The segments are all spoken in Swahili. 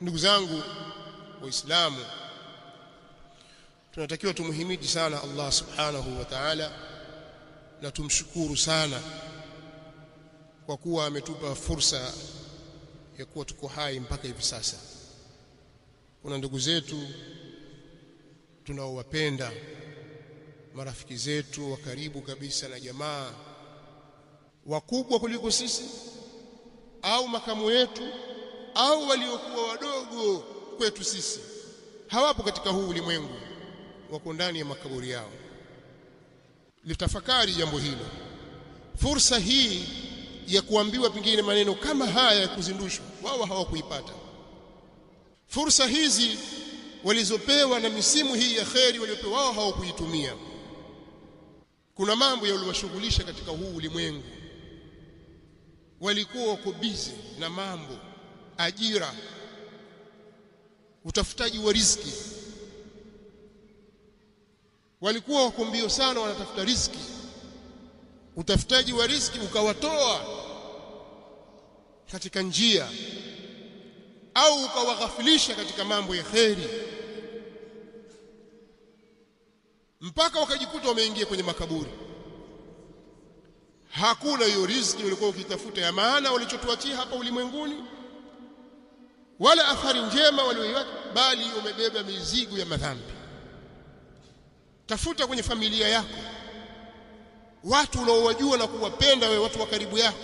Ndugu zangu Waislamu, tunatakiwa tumhimidi sana Allah subhanahu wa ta'ala na tumshukuru sana kwa kuwa ametupa fursa ya kuwa tuko hai mpaka hivi sasa. Kuna ndugu zetu tunaowapenda, marafiki zetu wa karibu kabisa na jamaa wakubwa kuliko sisi au makamu yetu au waliokuwa wadogo kwetu sisi hawapo katika huu ulimwengu, wako ndani ya makaburi yao. Litafakari jambo hilo. Fursa hii ya kuambiwa pengine maneno kama haya ya kuzindushwa, wao hawakuipata. Fursa hizi walizopewa na misimu hii ya kheri waliopewa, wao hawakuitumia. Kuna mambo yaliwashughulisha katika huu ulimwengu, walikuwa wako bizi na mambo ajira, utafutaji wa riziki. Walikuwa wako mbio sana, wanatafuta riziki, utafutaji wa riziki ukawatoa katika njia au ukawaghafilisha katika mambo ya kheri, mpaka wakajikuta wameingia kwenye makaburi. Hakuna hiyo riziki ulikuwa ukitafuta ya maana walichotuachia hapa ulimwenguni wala athari njema walioiweka bali umebeba mizigo ya madhambi tafuta kwenye familia yako watu unaowajua na kuwapenda wewe watu wa karibu yako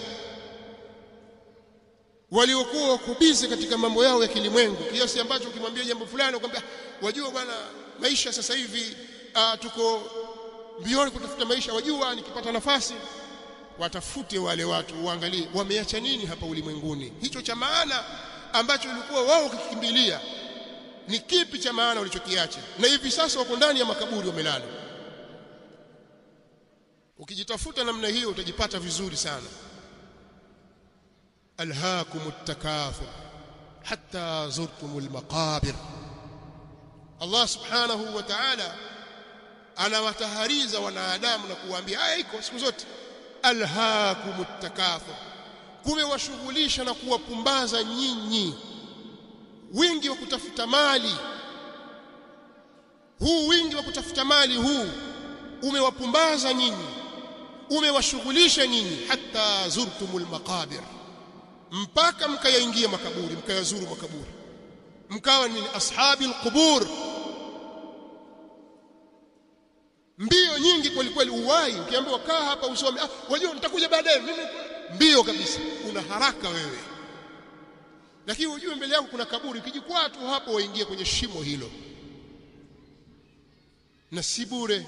waliokuwa wakubizi katika mambo yao ya kilimwengu kiasi ambacho ukimwambia jambo fulani ukamwambia wajua bwana maisha sasa hivi uh, tuko mbioni kutafuta maisha wajua nikipata nafasi watafute wale watu uangalie wameacha nini hapa ulimwenguni hicho cha maana ambacho ulikuwa wao ukikimbilia ni kipi cha maana ulichokiacha na hivi sasa wako ndani ya makaburi wamelala ukijitafuta namna hiyo utajipata vizuri sana alhakum takathur hatta zurtumul maqabir Allah subhanahu wa ta'ala anawatahariza wanadamu na kuwaambia haya iko siku zote alhakum takathur kumewashughulisha na kuwapumbaza nyinyi wingi wa kutafuta mali huu wingi wa kutafuta mali huu umewapumbaza nyinyi umewashughulisha nyinyi hata zurtumul maqabir mpaka mkayaingia makaburi mkayazuru makaburi mkawa ni ashabi alqubur mbio nyingi kwelikweli kweli uwai ukiambiwa kaa hapa usome ah wajua nitakuja baadaye mimi mbio kabisa, una haraka wewe, lakini ujue mbele yako kuna kaburi. Ukijikwaa tu hapo, waingie kwenye shimo hilo, na si bure.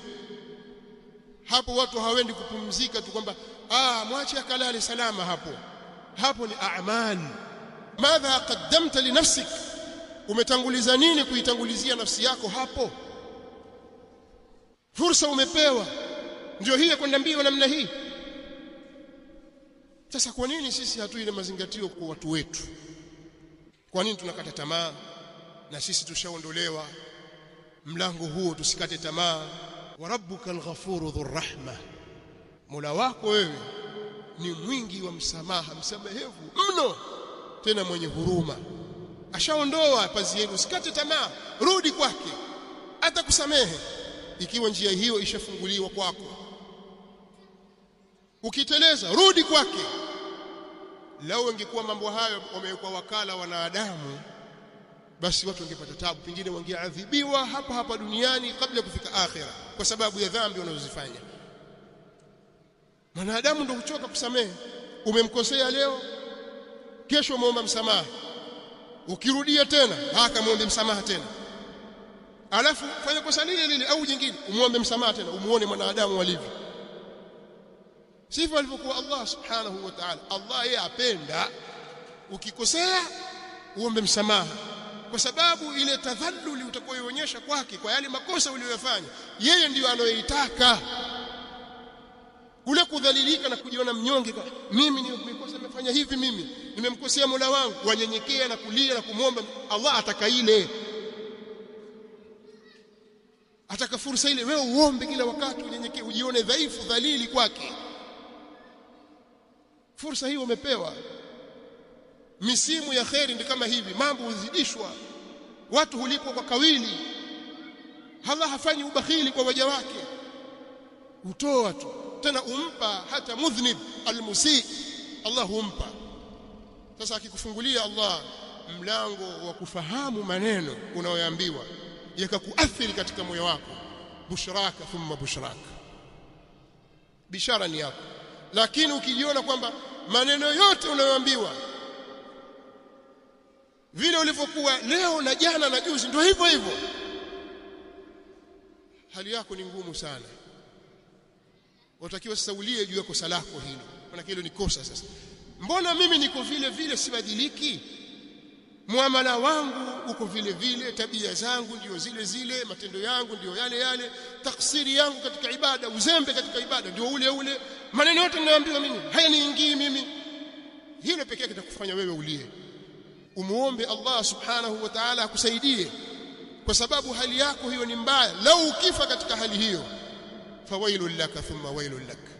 Hapo watu hawendi kupumzika tu kwamba ah, mwache akalale salama hapo. Hapo ni a'mal. Madha qaddamta li nafsik, umetanguliza nini kuitangulizia nafsi yako hapo? Fursa umepewa ndio hii ya kwenda mbio namna hii. Sasa kwa nini sisi hatui ile mazingatio kwa watu wetu? Kwa nini tunakata tamaa? Na sisi tushaondolewa mlango huo, tusikate tamaa. wa rabbuka alghafuru rahma, mola wako wewe ni mwingi wa msamaha, msamehevu mno, tena mwenye huruma. Ashaondoa pazi yenu, usikate tamaa, rudi kwake, atakusamehe ikiwa njia hiyo ishafunguliwa kwako ukiteleza rudi kwake. Lau wangekuwa mambo hayo wamewekwa wakala wanadamu, basi watu wangepata tabu, pengine wangeadhibiwa hapa hapa duniani kabla ya kufika akhera, kwa sababu ya dhambi wanazozifanya. Mwanadamu ndio huchoka kusamehe. Umemkosea leo, kesho umeomba msamaha, ukirudia tena muombe msamaha tena, alafu fanya kosa lile lile au jingine, umwombe msamaha tena. Umuone mwanadamu alivyo sivyo alivyokuwa Allah subhanahu wa ta'ala Allah yeye apenda ukikosea uombe msamaha kwa sababu ile tadhalluli utakayoionyesha kwake kwa yale makosa uliyoyafanya yeye ndiyo anayoitaka kule kudhalilika na kujiona mnyonge mimi nimekosa nimefanya hivi mimi nimemkosea Mola wangu wanyenyekea na kulia na kumwomba Allah ataka ile ataka fursa ile wewe uombe kila wakati unyenyekee ujione dhaifu dhalili kwake fursa hii umepewa misimu ya kheri ndi kama hivi mambo huzidishwa watu hulipwa kwa kawili Allah hafanyi ubakhili kwa waja wake utoa tu tena umpa hata mudhnib almusi Allah humpa sasa akikufungulia Allah mlango wa kufahamu maneno unayoambiwa yakakuathiri katika moyo wako bushraka thumma bushraka bishara ni yako lakini ukijiona kwamba maneno yote unayoambiwa vile ulivyokuwa leo na jana na juzi ndio hivyo hivyo, hali yako ni ngumu sana. Watakiwa sasa ulie juu ya kosa lako hilo, maana hilo ni kosa. Sasa mbona mimi niko vile vile, sibadiliki? muamala wangu uko vile vile tabia zangu ndio zile zile matendo yangu ndiyo yale yale taksiri yangu katika ibada uzembe katika ibada ndio ule ule maneno yote ninayoambiwa mimi hayaniingii mimi hilo pekee yake litakufanya wewe ulie umuombe Allah subhanahu wa ta'ala akusaidie kwa sababu hali yako hiyo ni mbaya lau ukifa katika hali hiyo fawailun laka thumma wailun laka